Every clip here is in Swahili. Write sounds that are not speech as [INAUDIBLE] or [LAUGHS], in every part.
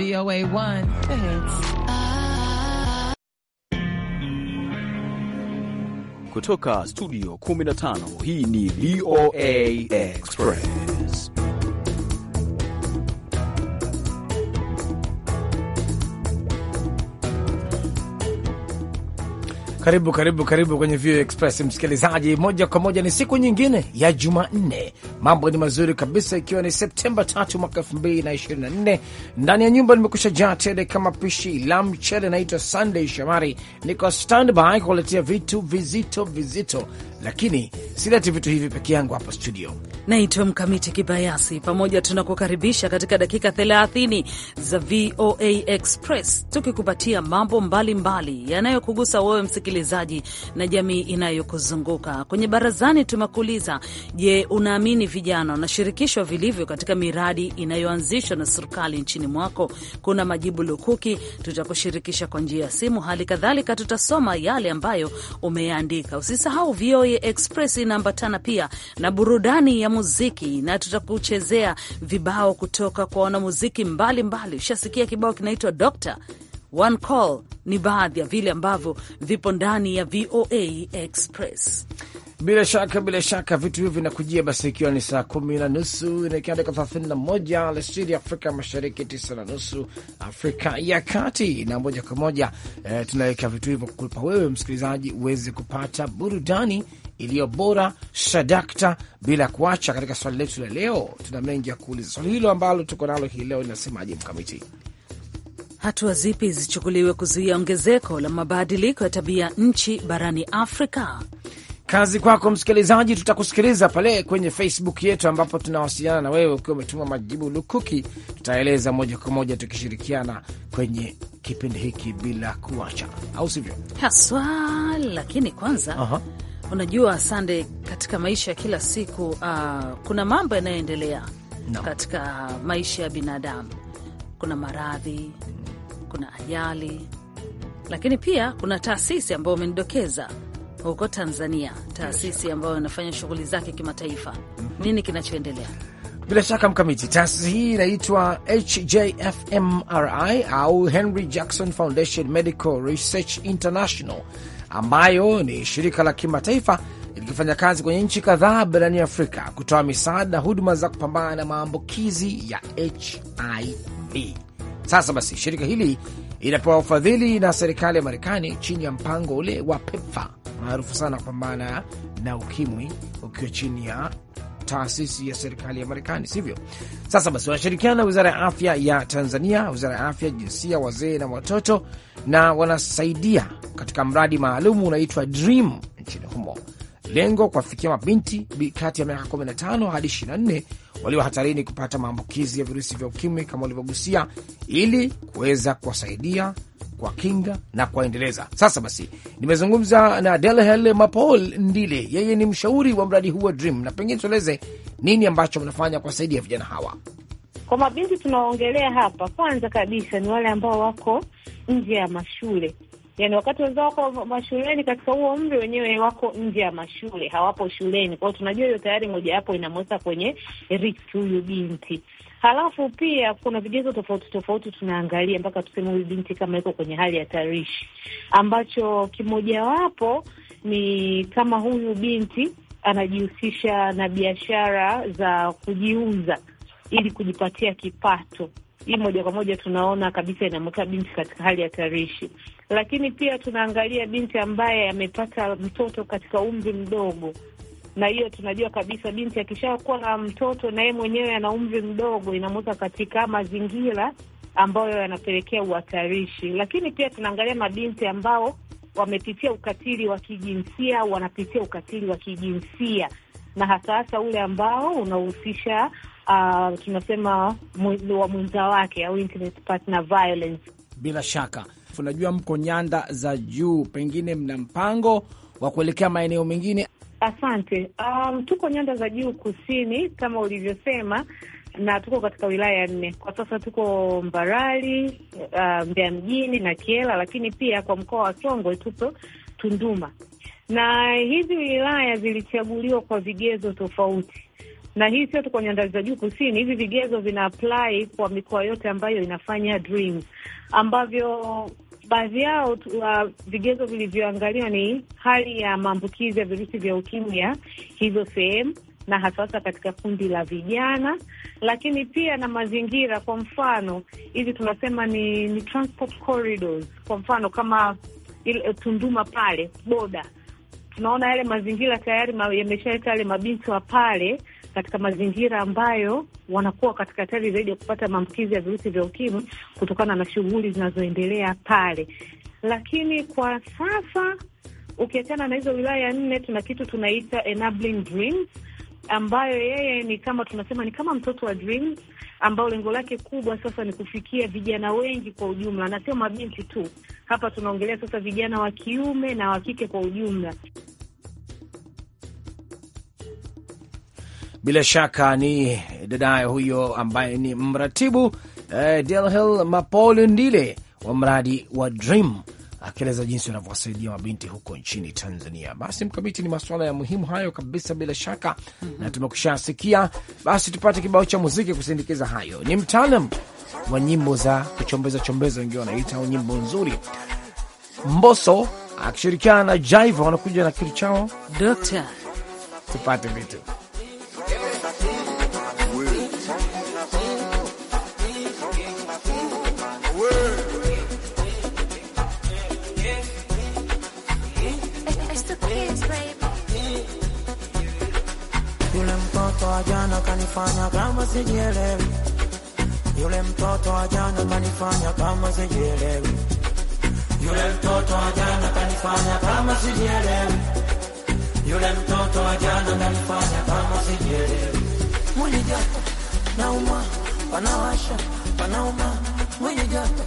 VOA 1, Kutoka studio 15, hii ni VOA Express. Karibu, karibu, karibu kwenye Vio Express msikilizaji, moja kwa moja. Ni siku nyingine ya Jumanne, mambo ni mazuri kabisa, ikiwa ni Septemba tatu mwaka elfu mbili na ishirini na nne. Ndani ya nyumba nimekusha jaa tele kama pishi la mchele. Naitwa Sunday Shomari, niko standby kuletea vitu vizito vizito lakini sileti vitu hivi peke yangu hapa studio. Naitwa Mkamiti Kibayasi, pamoja tunakukaribisha katika dakika 30 za VOA Express, tukikupatia mambo mbalimbali yanayokugusa wewe msikilizaji na jamii inayokuzunguka. Kwenye barazani tumekuuliza, je, unaamini vijana wanashirikishwa vilivyo katika miradi inayoanzishwa na serikali nchini mwako? Kuna majibu lukuki, tutakushirikisha kwa njia ya simu. Hali kadhalika tutasoma yale ambayo umeandika. Usisahau VOA VOA Express inaambatana pia na burudani ya muziki, na tutakuchezea vibao kutoka kwa wanamuziki mbalimbali. Ushasikia kibao kinaitwa Dokta One Call ni baadhi ya vile ambavyo vipo ndani ya VOA Express. Bila shaka bila shaka vitu hivi vinakujia basi, ikiwa ni saa kumi na nusu inaelekea dakika 31 alasiri Afrika Mashariki, tisa na nusu Afrika ya Kati, na moja kwa moja eh, tunaweka vitu hivyo kukupa wewe msikilizaji uweze kupata burudani iliyo bora shadakta, bila kuacha. Katika swali letu la leo, tuna mengi ya kuuliza. Swali hilo ambalo tuko nalo hii leo linasemaje, Mkamiti? Hatua zipi zichukuliwe kuzuia ongezeko la mabadiliko ya tabia nchi barani Afrika? Kazi kwako msikilizaji, tutakusikiliza pale kwenye Facebook yetu ambapo tunawasiliana na wewe ukiwa umetuma majibu lukuki, tutaeleza moja kwa moja tukishirikiana kwenye kipindi hiki bila kuacha, au sivyo haswa. Lakini kwanza uh -huh. Unajua Sande, katika maisha ya kila siku uh, kuna mambo yanayoendelea no. Katika maisha ya binadamu kuna maradhi kuna ajali, lakini pia kuna taasisi ambayo umenidokeza huko Tanzania, taasisi ambayo inafanya shughuli zake kimataifa. Mhm. Nini kinachoendelea? Bila shaka Mkamiti, taasisi hii inaitwa HJFMRI au Henry Jackson Foundation Medical Research International, ambayo ni shirika la kimataifa likifanya kazi kwenye nchi kadhaa barani Afrika kutoa misaada na huduma za kupambana na maambukizi ya HIV. Sasa basi, shirika hili inapewa ufadhili na serikali ya Marekani chini ya mpango ule wa PEPFA maarufu sana kupambana na ukimwi, ukiwa chini ya taasisi ya serikali ya Marekani, sivyo? Sasa basi, wanashirikiana na wizara ya afya ya Tanzania, wizara ya afya, jinsia, wazee na watoto, na wanasaidia katika mradi maalum unaitwa Dream nchini humo, lengo kuwafikia mabinti kati ya miaka 15 hadi walio hatarini kupata maambukizi ya virusi vya ukimwi kama walivyogusia, ili kuweza kuwasaidia kwa kinga na kuwaendeleza. Sasa basi, nimezungumza na Delhel Mapol Ndile, yeye ni mshauri wa mradi huu wa Dream, na pengine tueleze nini ambacho mnafanya kuwasaidia vijana hawa. Kwa mabinti tunaoongelea hapa, kwanza kabisa ni wale ambao wako nje ya mashule yani wakati wenzao wako mashuleni, katika huo umri wenyewe wako nje ya mashule, hawapo shuleni. Kwa hiyo tunajua hiyo tayari mojawapo inamweka kwenye riski huyu binti. Halafu pia kuna vigezo tofauti tofauti tunaangalia mpaka tuseme huyu binti kama iko kwenye hali ya tarishi, ambacho kimojawapo ni kama huyu binti anajihusisha na biashara za kujiuza ili kujipatia kipato. Hii moja kwa moja tunaona kabisa inamweka binti katika hali ya tarishi. Lakini pia tunaangalia binti ambaye amepata mtoto katika umri mdogo, na hiyo tunajua kabisa binti akishakuwa na mtoto na yeye mwenyewe ana umri mdogo, inamuweka katika mazingira ambayo yanapelekea uhatarishi. Lakini pia tunaangalia mabinti ambao wamepitia ukatili wa kijinsia au wanapitia ukatili wa kijinsia na hasa hasa ule ambao unahusisha uh, tunasema wa mwenza wake au intimate partner violence. Bila shaka Unajua mko nyanda za juu, pengine mna mpango wa kuelekea maeneo mengine? Asante. Um, tuko nyanda za juu kusini kama ulivyosema, na tuko katika wilaya nne kwa sasa. Tuko Mbarali, uh, Mbeya mjini na Kiela, lakini pia kwa mkoa wa Songwe tupo Tunduma, na hizi wilaya zilichaguliwa kwa vigezo tofauti na hii sio tu kwa nyanda za juu kusini. Hivi vigezo vina apply kwa mikoa yote ambayo inafanya Dream, ambavyo baadhi yao uh, vigezo vilivyoangaliwa ni hali ya maambukizi ya virusi vya ukimwi ya hizo sehemu na hasahasa katika kundi la vijana, lakini pia na mazingira. Kwa mfano hivi tunasema ni, ni transport corridors. Kwa mfano kama il, Tunduma pale boda tunaona yale mazingira tayari ma, yameshaleta yale mabinti wa pale katika mazingira ambayo wanakuwa katika hatari zaidi ya kupata maambukizi ya virusi vya ukimwi kutokana na shughuli zinazoendelea pale. Lakini kwa sasa ukiachana na hizo wilaya nne, tuna kitu tunaita enabling dreams, ambayo yeye ni kama tunasema ni kama mtoto wa dreams, ambao lengo lake kubwa sasa ni kufikia vijana wengi kwa ujumla, na sio mabinti tu. Hapa tunaongelea sasa vijana wa kiume na wa kike kwa ujumla. bila shaka ni dadaye huyo ambaye ni mratibu eh, Delhil Mapolo Ndile wa mradi wa Dream akieleza jinsi wanavyowasaidia mabinti huko nchini Tanzania. Basi Mkamiti, ni masuala ya muhimu hayo kabisa, bila shaka mm -hmm. na tumekushasikia. Basi tupate kibao cha muziki kusindikiza hayo. Ni mtaalam wa nyimbo za kuchombeza chombeza, wengiwa wanaita au nyimbo nzuri. Mboso akishirikiana na Jaiva wanakuja na kitu chao Dokta, tupate vitu Yule mtoto wa jana kanifanya kama sijielewi, yule mtoto wa jana kanifanya kama sijielewi, yule mtoto wa jana kanifanya kama sijielewi, yule mtoto wa jana kanifanya kama sijielewi. Mwili joto nauma, wanawasha wanauma, mwili joto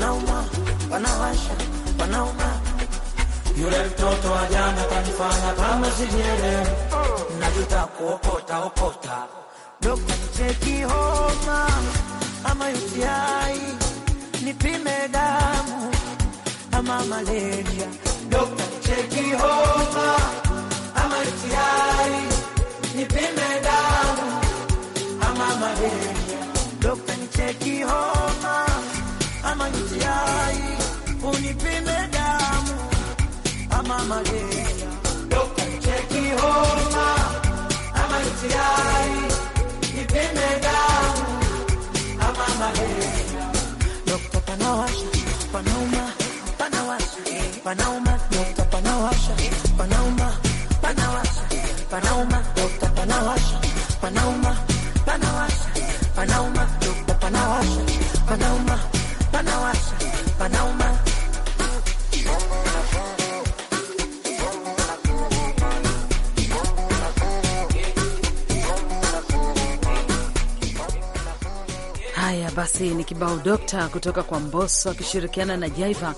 nauma, wanawasha wanauma yule mtoto wa jana kanifanya kama sijiele, najuta kuokota okota. Dokta, cheki homa ama UTI, nipime damu ama malaria. Dokta, cheki homa ama UTI, nipime damu ama malaria. Dokta, cheki homa Magera. basi ni kibao dokta kutoka kwa mboso akishirikiana na Jaiva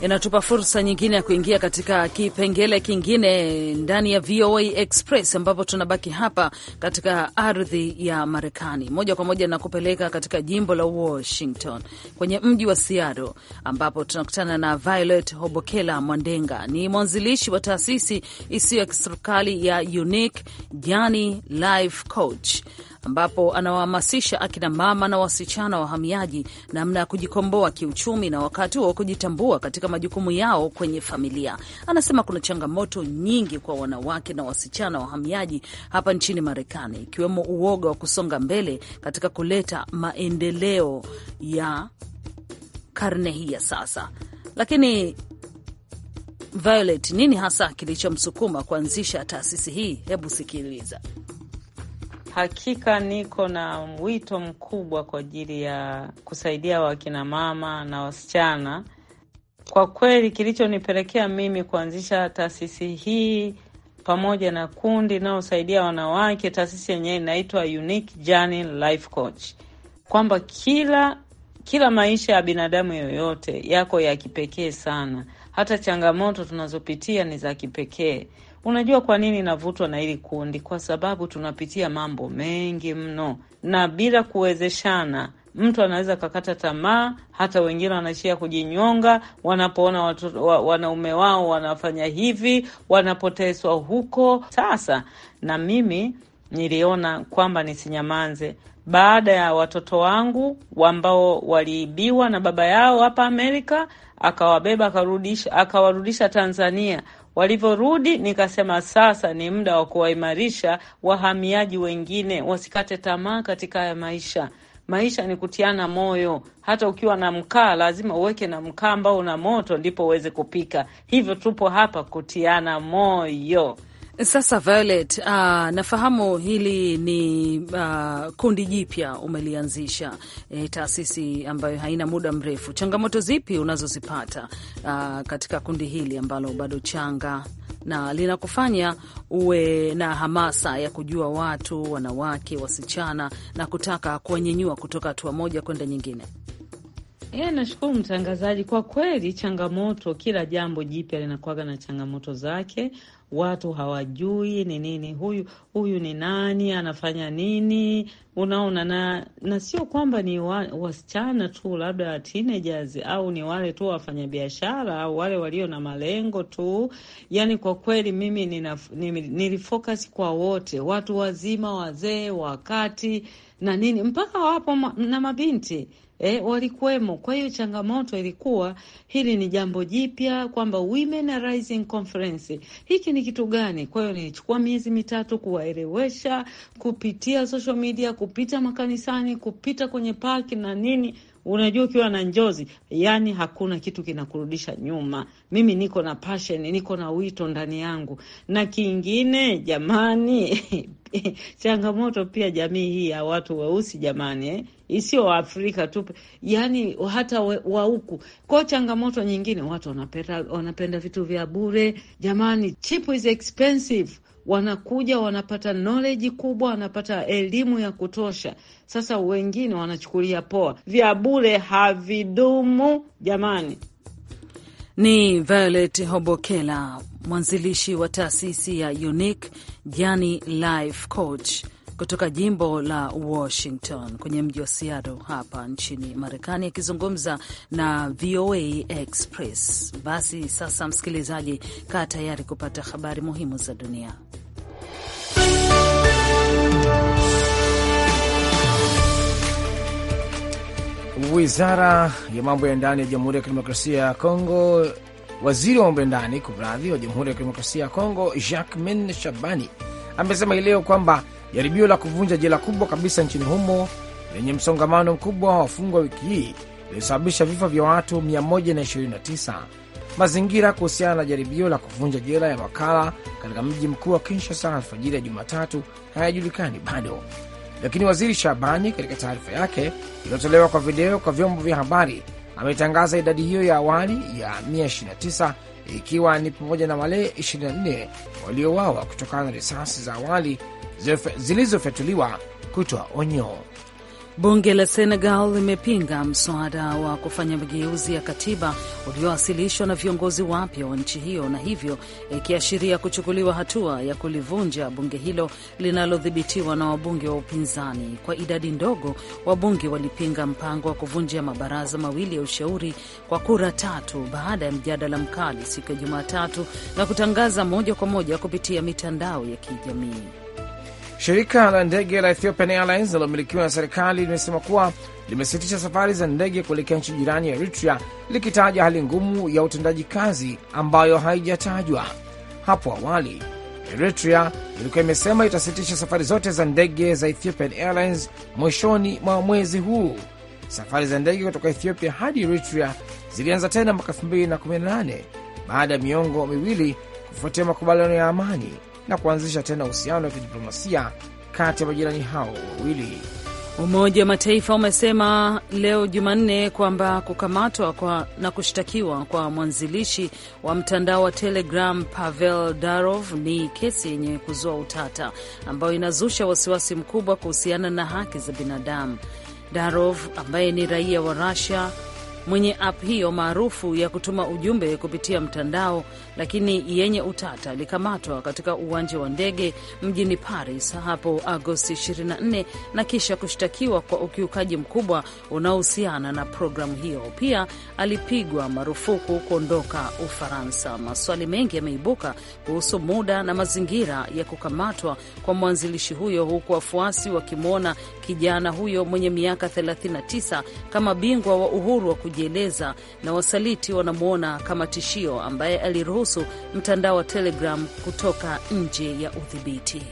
inatupa fursa nyingine ya kuingia katika kipengele kingine ndani ya VOA Express, ambapo tunabaki hapa katika ardhi ya Marekani. Moja kwa moja nakupeleka katika jimbo la Washington, kwenye mji wa Seattle, ambapo tunakutana na Violet Hobokela Mwandenga. Ni mwanzilishi wa taasisi isiyo ya kiserikali ya Unique Journey Life Coach ambapo anawahamasisha akina mama na wasichana wahamiaji namna ya kujikomboa kiuchumi na wakati wa kujitambua katika majukumu yao kwenye familia. Anasema kuna changamoto nyingi kwa wanawake na wasichana wahamiaji hapa nchini Marekani, ikiwemo uoga wa kusonga mbele katika kuleta maendeleo ya karne hii ya sasa. Lakini Violet, nini hasa kilichomsukuma kuanzisha taasisi hii? Hebu sikiliza. Hakika niko na wito mkubwa kwa ajili ya kusaidia wakinamama na wasichana. Kwa kweli, kilichonipelekea mimi kuanzisha taasisi hii pamoja na kundi inayosaidia wanawake, taasisi yenyewe inaitwa Unique Journey Life Coach, kwamba kila kila maisha ya binadamu yoyote yako ya kipekee sana. Hata changamoto tunazopitia ni za kipekee. Unajua kwa nini navutwa na hili kundi? Kwa sababu tunapitia mambo mengi mno, na bila kuwezeshana mtu anaweza kakata tamaa. Hata wengine wanaishia kujinyonga wanapoona watu, wa, wanaume wao wanafanya hivi, wanapoteswa huko. Sasa na mimi niliona kwamba nisinyamanze baada ya watoto wangu ambao waliibiwa na baba yao hapa Amerika, akawabeba akawarudisha Tanzania Walivyorudi nikasema sasa ni muda wa kuwaimarisha wahamiaji wengine wasikate tamaa katika haya maisha. Maisha ni kutiana moyo. Hata ukiwa na mkaa lazima uweke na mkaa ambao una moto, ndipo uweze kupika. Hivyo tupo hapa kutiana moyo. Sasa Violet, uh, nafahamu hili ni uh, kundi jipya umelianzisha, e, taasisi ambayo haina muda mrefu. Changamoto zipi unazozipata uh, katika kundi hili ambalo bado changa na linakufanya uwe na hamasa ya kujua watu, wanawake, wasichana na kutaka kuwanyanyua kutoka hatua moja kwenda nyingine? Yeah, nashukuru mtangazaji. Kwa kweli changamoto, kila jambo jipya linakuwaga na changamoto zake watu hawajui ni nini huyu huyu ni nani, anafanya nini, unaona na, na sio kwamba ni wa, wasichana tu labda teenagers au ni wale tu wafanyabiashara au wale walio na malengo tu. Yani kwa kweli mimi nina, nilifocus kwa wote, watu wazima, wazee, wakati na nini mpaka wapo ma, na mabinti e, walikuwemo. Kwa hiyo changamoto ilikuwa hili ni jambo jipya kwamba Women Rising Conference hiki ni kitu gani? Kwa hiyo nilichukua miezi mitatu kuwaelewesha kupitia social media, kupita makanisani, kupita kwenye park na nini Unajua, ukiwa na njozi, yani hakuna kitu kinakurudisha nyuma. Mimi niko na passion, niko na wito ndani yangu. Na kingine jamani, [LAUGHS] changamoto pia jamii hii ya watu weusi jamani, eh? Isiyo Waafrika tu, yani hata wa huku Changamoto nyingine, watu wanapenda, wanapenda vitu vya bure jamani, cheap is expensive wanakuja wanapata knowledge kubwa, wanapata elimu ya kutosha. Sasa wengine wanachukulia poa, vya bure havidumu jamani. Ni Violet Hobokela, mwanzilishi wa taasisi ya Unique Jani Life Coach kutoka jimbo la Washington kwenye mji wa Seattle hapa nchini Marekani, akizungumza na VOA Express. Basi sasa, msikilizaji, kaa tayari kupata habari muhimu za dunia. Wizara ya mambo ya ndani ya Jamhuri ya Kidemokrasia ya Kongo, waziri wa mambo ya ndani kumradhi, wa Jamhuri ya Kidemokrasia ya Kongo Jacques Shabani amesema hii leo kwamba jaribio la kuvunja jela kubwa kabisa nchini humo lenye msongamano mkubwa wa wafungwa wiki hii lilisababisha vifo vya watu 129. Mazingira kuhusiana na jaribio la kuvunja jela ya wakala katika mji mkuu wa Kinshasa alfajiri ya Jumatatu hayajulikani bado, lakini waziri Shabani katika taarifa yake iliyotolewa kwa video kwa vyombo vya habari ametangaza idadi hiyo ya awali ya 129 ikiwa ni pamoja na wale 24 waliowawa kutokana na risasi za awali zilizofyatuliwa kutoa onyo. Bunge la Senegal limepinga mswada wa kufanya mageuzi ya katiba uliowasilishwa na viongozi wapya wa nchi hiyo, na hivyo ikiashiria kuchukuliwa hatua ya kulivunja bunge hilo linalodhibitiwa na wabunge wa upinzani. Kwa idadi ndogo, wabunge walipinga mpango wa kuvunja mabaraza mawili ya ushauri kwa kura tatu baada ya mjadala mkali siku ya Jumatatu na kutangaza moja kwa moja kupitia mitandao ya kijamii. Shirika la ndege la Ethiopian Airlines linalomilikiwa na serikali limesema kuwa limesitisha safari za ndege kuelekea nchi jirani ya Eritrea, likitaja hali ngumu ya utendaji kazi ambayo haijatajwa hapo awali. Eritrea ilikuwa imesema itasitisha safari zote za ndege za Ethiopian Airlines mwishoni mwa mwezi huu. Safari za ndege kutoka Ethiopia hadi Eritrea zilianza tena mwaka 2018 baada ya miongo miwili kufuatia makubaliano ya amani na kuanzisha tena uhusiano wa kidiplomasia kati ya majirani hao wawili. Umoja wa Mataifa umesema leo Jumanne kwamba kukamatwa kwa na kushtakiwa kwa mwanzilishi wa mtandao wa Telegram Pavel Durov ni kesi yenye kuzua utata ambayo inazusha wasiwasi mkubwa kuhusiana na haki za binadamu. Darov ambaye ni raia wa Rusia mwenye app hiyo maarufu ya kutuma ujumbe kupitia mtandao lakini yenye utata alikamatwa katika uwanja wa ndege mjini Paris hapo Agosti 24 na kisha kushtakiwa kwa ukiukaji mkubwa unaohusiana na programu hiyo. Pia alipigwa marufuku kuondoka Ufaransa. Maswali mengi yameibuka kuhusu muda na mazingira ya kukamatwa kwa mwanzilishi huyo, huku wafuasi wakimwona kijana huyo mwenye miaka 39 kama bingwa wa uhuru wa kujieleza na wasaliti wanamwona kama tishio ambaye aliruhusu kuruhusu mtandao wa Telegram kutoka nje ya udhibiti.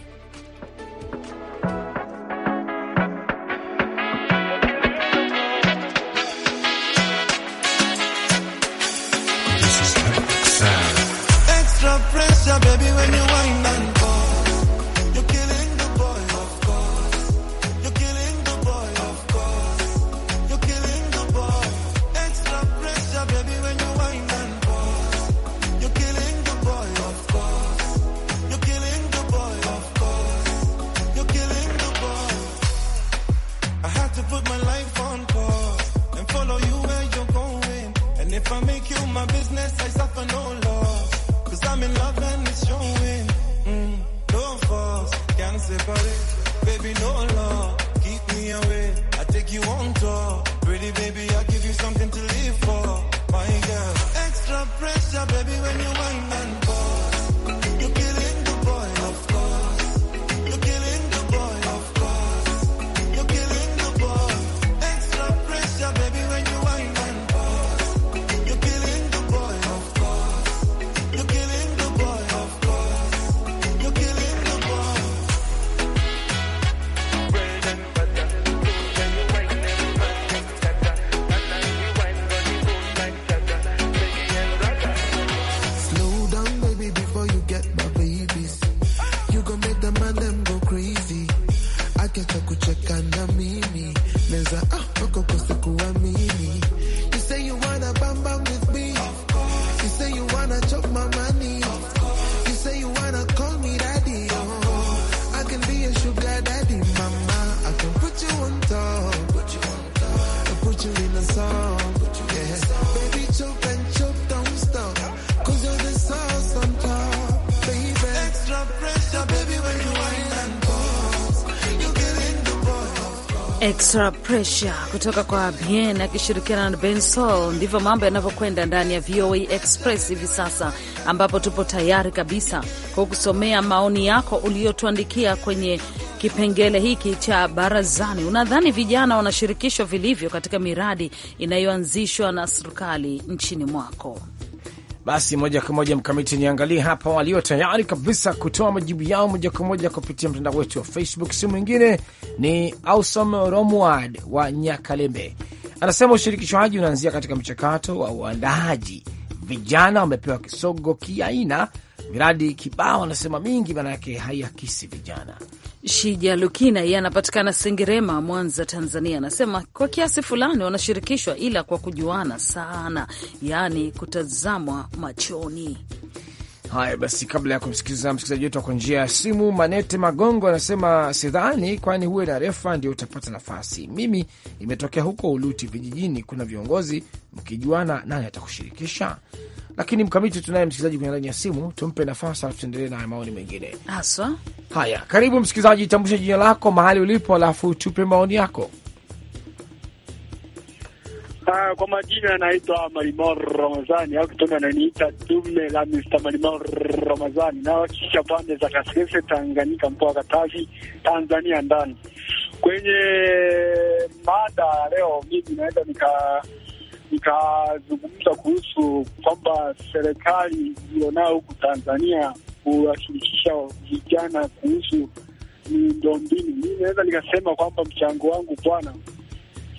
Extra pressure kutoka kwa Bien akishirikiana na Sol. Ndivyo mambo yanavyokwenda ndani ya VOA Express hivi sasa, ambapo tupo tayari kabisa kwa kusomea maoni yako uliyotuandikia kwenye kipengele hiki cha barazani. Unadhani vijana wanashirikishwa vilivyo katika miradi inayoanzishwa na serikali nchini mwako? Basi moja kwa moja mkamiti, niangalie hapa walio tayari kabisa kutoa majibu yao moja kwa moja kupitia mtandao wetu wa Facebook. Si mwingine ni Awesome Romward wa Nyakalembe, anasema ushirikishwaji unaanzia katika mchakato wa uandaaji. Vijana wamepewa kisogo kiaina miradi kibao anasema mingi, maanayake haiakisi vijana. Shija Lukina yeye anapatikana Sengerema, Mwanza, Tanzania, anasema kwa kiasi fulani wanashirikishwa, ila kwa kujuana sana, yaani kutazamwa machoni. Haya basi, kabla ya kumsikiliza msikilizaji wetu kwa njia ya simu, Manete Magongo anasema sidhani, kwani huwe na refa ndio utapata nafasi. Mimi imetokea huko Uluti vijijini, kuna viongozi mkijuana, nani atakushirikisha? Lakini mkamiti, tunaye msikilizaji kwenye laini ya simu, tumpe nafasi alafu tuendelee na maoni mengine haswa. Haya, karibu msikilizaji, tambusha jina lako, mahali ulipo, alafu tupe maoni yako. Uh, kwa majina anaitwa Malimor ramazani au kitendo ananiita dume la Mr. Malimor na kisha pande za Kasese, Tanganyika, mkoa wa Katavi, Tanzania ndani. Kwenye mada leo, mimi naweza nika nikazungumza kuhusu kwamba serikali ilionao huku Tanzania kuwashirikisha vijana kuhusu miundombinu. Mimi naweza nikasema kwamba mchango wangu bwana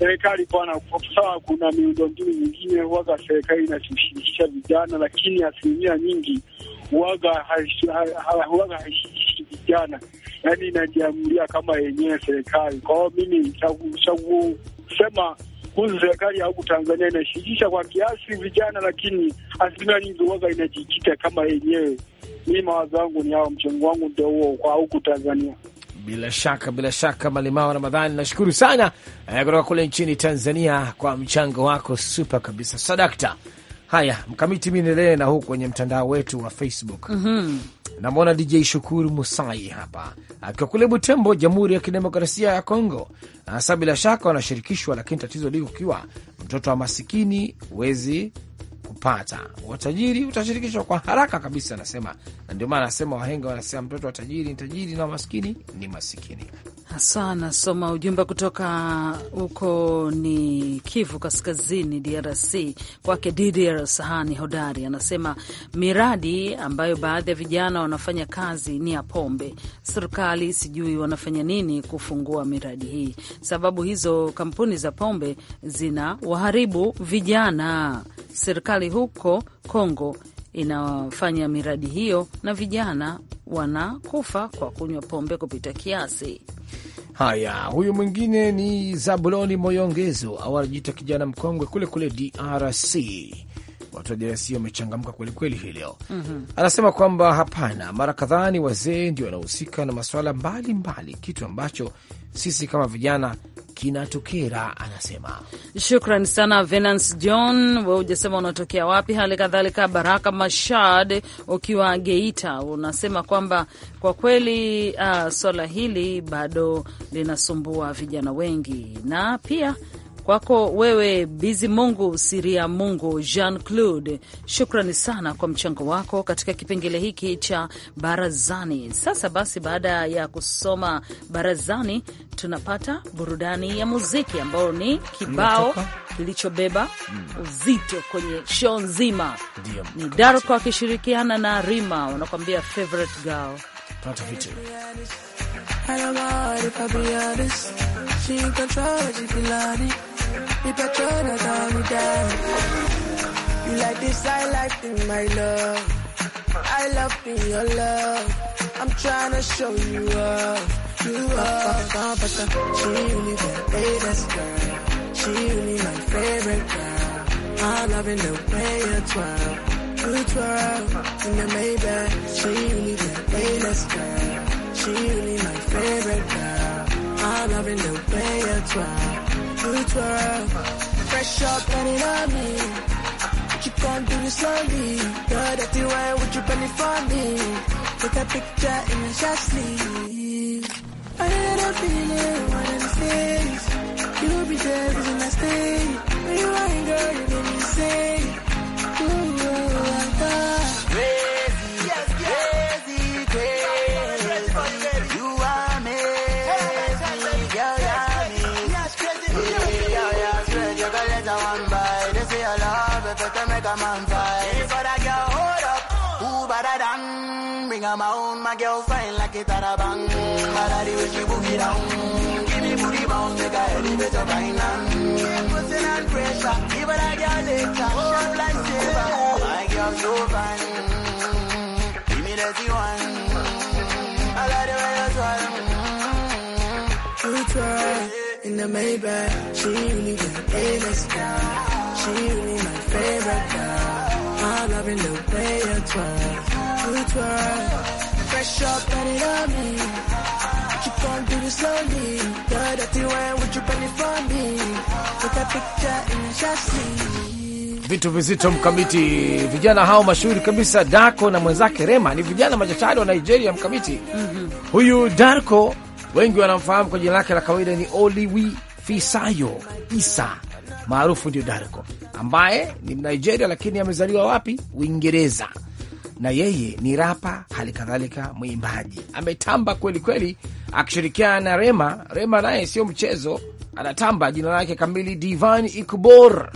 serikali bwana, kwa sawa kuna miundombinu mingine waga serikali inashirikisha vijana, lakini asilimia nyingi waga haishirikishi vijana, yaani inajiamulia kama yenyewe serikali. Kwa hiyo mimi chakusema kuhusu serikali ya huku Tanzania inashirikisha kwa kiasi vijana, lakini asilimia nyingi waga inajikita kama yenyewe. mii mawazo wangu ni hao, mchango wangu ndio huo kwa huku Tanzania. Bila shaka bila shaka, Malimao Ramadhani, nashukuru sana eh, kutoka kule nchini Tanzania kwa mchango wako super kabisa, sadakta. Haya, mkamiti, mi niendelee na huku kwenye mtandao wetu wa Facebook. mm -hmm. Namwona DJ Shukuru Musai hapa akiwa kule Butembo, Jamhuri ya Kidemokrasia ya Kongo. Hasa bila shaka wanashirikishwa, lakini tatizo liko kiwa mtoto wa masikini wezi kupata. Watajiri utashirikishwa kwa haraka kabisa, anasema. Na ndio maana anasema wahenga wanasema mtoto wa tajiri ni tajiri na maskini ni masikini sana soma ujumbe kutoka huko ni Kivu Kaskazini, DRC, kwake Didier Sahani Hodari anasema miradi ambayo baadhi ya vijana wanafanya kazi ni ya pombe. Serikali sijui wanafanya nini kufungua miradi hii, sababu hizo kampuni za pombe zina waharibu vijana. Serikali huko Kongo inafanya miradi hiyo na vijana wanakufa kwa kunywa pombe kupita kiasi. Haya, huyu mwingine ni Zabuloni Moyongezo au anajiita kijana mkongwe kule kule DRC. Watu wa DRC wamechangamka kwelikweli hii leo. mm -hmm. Anasema kwamba hapana, mara kadhaa ni wazee ndio wanahusika na masuala mbalimbali, kitu ambacho sisi kama vijana kinatokera, anasema shukran sana Venance John, we ujasema unatokea wapi. Hali kadhalika Baraka Mashad ukiwa Geita unasema kwamba kwa kweli uh, swala hili bado linasumbua vijana wengi na pia Kwako wewe Bizi Mungu Siria Mungu Jean Claude, shukrani sana kwa mchango wako katika kipengele hiki cha barazani. Sasa basi, baada ya kusoma barazani, tunapata burudani ya muziki ambayo ni kibao kilichobeba hmm. uzito kwenye show nzima. Ni Darko akishirikiana na Rima, wanakuambia favorite girl. If I try to calm you down, you like this, I like in my love. I love in your love. I'm trying to show you up. You up. She only the latest girl. She only my favorite girl. I'm loving the way you twirl. You twirl in the Maybach. She only the latest girl. She only my favorite girl. I'm loving the way you twirl to twirl. Fresh up, planning on me. But you can't do this lonely. You're dirty, why would you penny for me? Take a picture in your short sleeve. I had a feeling, one of the things. You'll be there, isn't that When you ain't girl, you make for your love if it make a man fight. If I girl, hold up. Who better than? Bring her my own, my girl fine like it at a bang. Bada the way she boogie down. Give me booty bounce, make her elevate her right now. Pussing and pressure, give her that girl later. Sharp like silver, my girl so fine. Give me that want. I like the way you swallow. You try in the Maybach, she only got A-list. She really my favorite girl. My loving little player twirl, you twirl. Fresh up, put it on me. You can't do this slowly. The dirty wine, would you bend it for me? Take a picture in just leave vitu vizito mkamiti. Vijana hao mashuhuri kabisa, Darko na mwenzake Rema ni vijana machachari wa Nigeria mkamiti. mm -hmm. Huyu Darko wengi wanamfahamu kwa jina lake la kawaida ni Oliwi Fisayo Isa maarufu ndio Darko, ambaye ni Mnigeria lakini amezaliwa wapi? Uingereza, na yeye ni rapa hali kadhalika mwimbaji. Ametamba kweli kweli akishirikiana na Rema. Rema naye sio mchezo, anatamba. Jina lake kamili Divan Ikubor,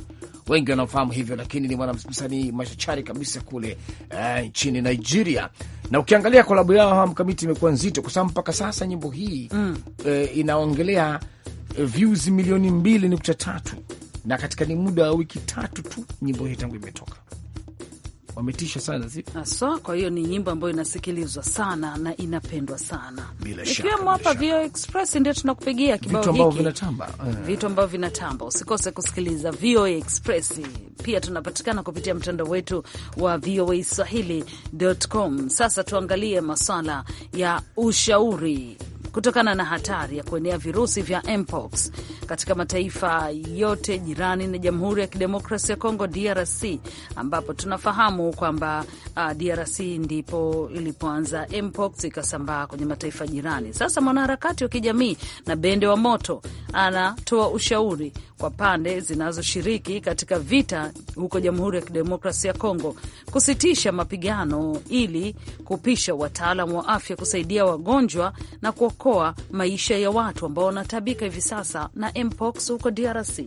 wengi wanaofahamu hivyo, lakini ni mwanamsanii mashachari kabisa kule eh, nchini uh, Nigeria. Na ukiangalia kolabu yao hawa mkamiti imekuwa nzito, kwa sababu mpaka sasa nyimbo hii mm. uh, inaongelea uh, views milioni mbili nukta tatu na katika ni muda wa wiki tatu tu nyimbo hii tangu imetoka wametisha sana haswa. Kwa hiyo ni nyimbo ambayo inasikilizwa sana na inapendwa sana, ikiwemo hapa VOA Express. Ndio tunakupigia kibao hiki, vitu ambavyo vinatamba, eh. vitu ambavyo vinatamba. Usikose kusikiliza VOA Express. Pia tunapatikana kupitia mtandao wetu wa VOA Swahili.com. Sasa tuangalie maswala ya ushauri kutokana na hatari ya kuenea virusi vya mpox katika mataifa yote jirani na Jamhuri ya Kidemokrasia ya Kongo, DRC, ambapo tunafahamu kwamba uh, DRC ndipo ilipoanza mpox ikasambaa kwenye mataifa jirani. Sasa mwanaharakati wa kijamii na Bende wa Moto anatoa ushauri kwa pande zinazoshiriki katika vita huko Jamhuri ya Kidemokrasia ya Kongo kusitisha mapigano ili kupisha wataalam wa afya kusaidia wagonjwa na kuokoa kuokoa maisha ya watu ambao wanatabika hivi sasa na mpox huko DRC.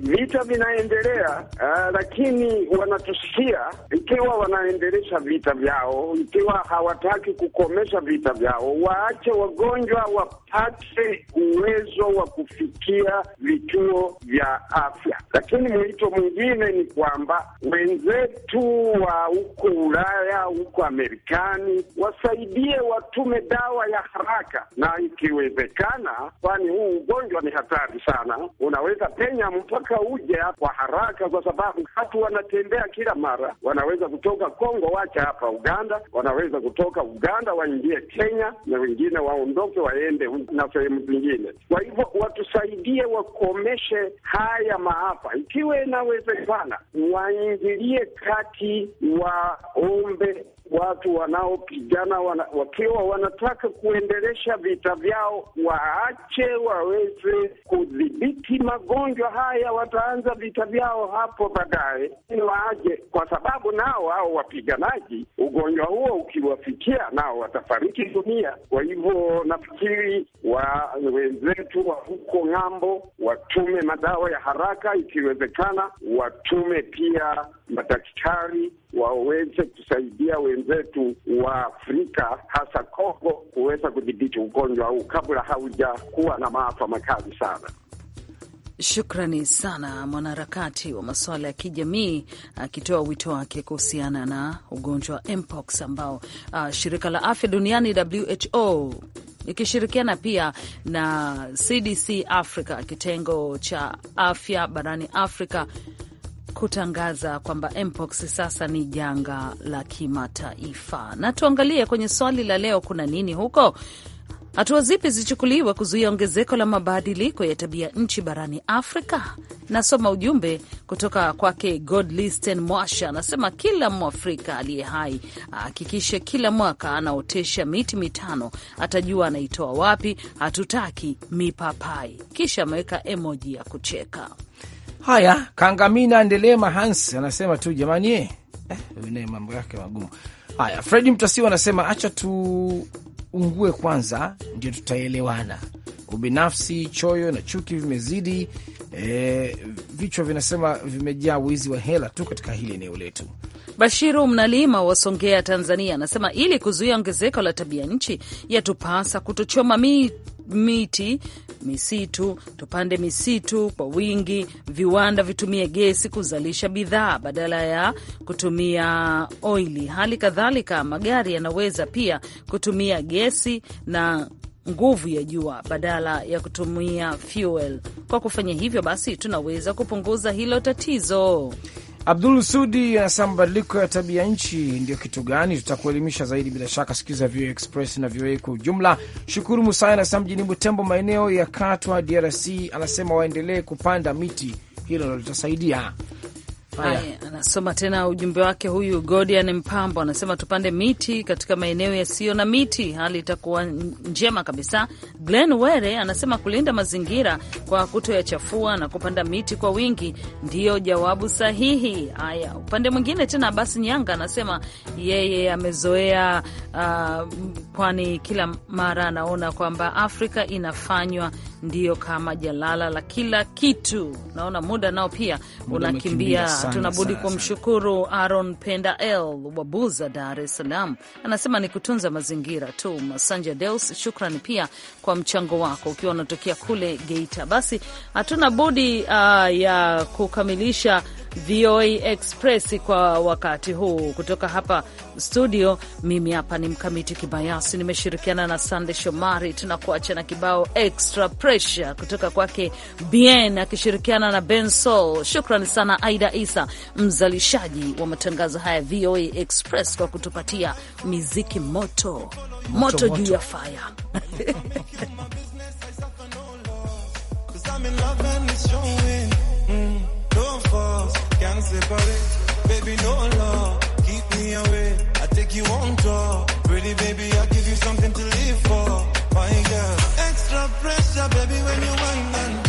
Vita vinaendelea uh, lakini wanatusikia ikiwa wanaendelesha vita vyao, ikiwa hawataki kukomesha vita vyao, waache wagonjwa wapate uwezo wa kufikia vituo vya afya. Lakini mwito mwingine ni kwamba wenzetu wa huko Ulaya, huko Amerikani wasaidie, watume dawa ya haraka na ikiwezekana, kwani huu ugonjwa ni hatari sana, unaweza penya mpaka uje kwa haraka, kwa sababu watu wanatembea kila mara. Wanaweza kutoka Kongo wacha hapa Uganda, wanaweza kutoka Uganda waingie Kenya, na wengine waondoke waende na sehemu zingine. Kwa hivyo watusaidie, wakomeshe haya maafa, ikiwa inawezekana waingilie kati, waombe watu wanaopigana wana, wakiwa wanataka kuendelesha vita vyao waache waweze kudhibiti magonjwa haya, wataanza vita vyao hapo baadaye, waaje kwa sababu nao hao wapiganaji, ugonjwa huo ukiwafikia nao watafariki dunia. Kwa hivyo nafikiri wa wenzetu wa huko ng'ambo watume madawa ya haraka, ikiwezekana watume pia madaktari waweze kusaidia we wenzetu wa Afrika hasa Kongo kuweza kudhibiti ugonjwa huu kabla haujakuwa na maafa makali sana. Shukrani sana mwanaharakati wa masuala ya kijamii akitoa wito wake kuhusiana na ugonjwa wa mpox ambao uh, shirika la afya duniani WHO ikishirikiana pia na CDC Africa, kitengo cha afya barani Afrika kutangaza kwamba mpox sasa ni janga la kimataifa. Na tuangalie kwenye swali la leo, kuna nini huko? Hatua zipi zichukuliwe kuzuia ongezeko la mabadiliko ya tabia nchi barani Afrika? Nasoma ujumbe kutoka kwake Godlisten Mwasha, anasema kila Mwafrika aliye hai ahakikishe kila mwaka anaotesha miti mitano, atajua anaitoa wapi. Hatutaki mipapai. Kisha ameweka emoji ya kucheka. Haya, Kangamina Ndelema Hans anasema tu jamani, eh, naye mambo yake magumu. Haya, Fredi Mtasiwa anasema acha tuungue kwanza, ndio tutaelewana ubinafsi, choyo na chuki vimezidi. E, vichwa vinasema vimejaa wizi wa hela tu katika hili eneo letu. Bashiru Mnalima wa Songea, Tanzania, anasema ili kuzuia ongezeko la tabia nchi yatupasa kutochoma mi, miti misitu, tupande misitu kwa wingi, viwanda vitumie gesi kuzalisha bidhaa badala ya kutumia oili. Hali kadhalika magari yanaweza pia kutumia gesi na nguvu ya jua badala ya kutumia fuel. Kwa kufanya hivyo basi, tunaweza kupunguza hilo tatizo. Abdul Sudi anasema mabadiliko ya tabia nchi ndio kitu gani? Tutakuelimisha zaidi bila shaka, sikiza VOA Express na VOA kwa ujumla. Shukuru Musai anasema mjini Butembo, maeneo ya Katwa, DRC, anasema waendelee kupanda miti, hilo litasaidia. Haya, anasoma tena ujumbe wake huyu Godian Mpambo, anasema tupande miti katika maeneo yasiyo na miti, hali itakuwa njema kabisa. Glen Were anasema kulinda mazingira kwa kutoyachafua na kupanda miti kwa wingi ndiyo jawabu sahihi. Haya, upande mwingine tena, basi Nyanga anasema yeye amezoea uh, kwani kila mara anaona kwamba Afrika inafanywa ndiyo kama jalala la kila kitu. Naona muda nao pia unakimbia, tunabudi kumshukuru Aaron Penda l Wabuza, Dar es Salaam, anasema ni kutunza mazingira tu. Masanja Dels, shukrani pia kwa mchango wako ukiwa unatokea kule Geita. Basi hatuna budi uh, ya kukamilisha VOA Express kwa wakati huu kutoka hapa studio. Mimi hapa ni Mkamiti Kibayasi, nimeshirikiana na Sande Shomari. Tunakuacha na kibao extra press fresh kutoka kwake Bien akishirikiana na Ben sol Shukrani sana Aida Isa, mzalishaji wa matangazo haya VOA Express, kwa kutupatia miziki moto moto, moto juu ya [LAUGHS] mm, faya My girl. Extra pressure, baby, when you wind man.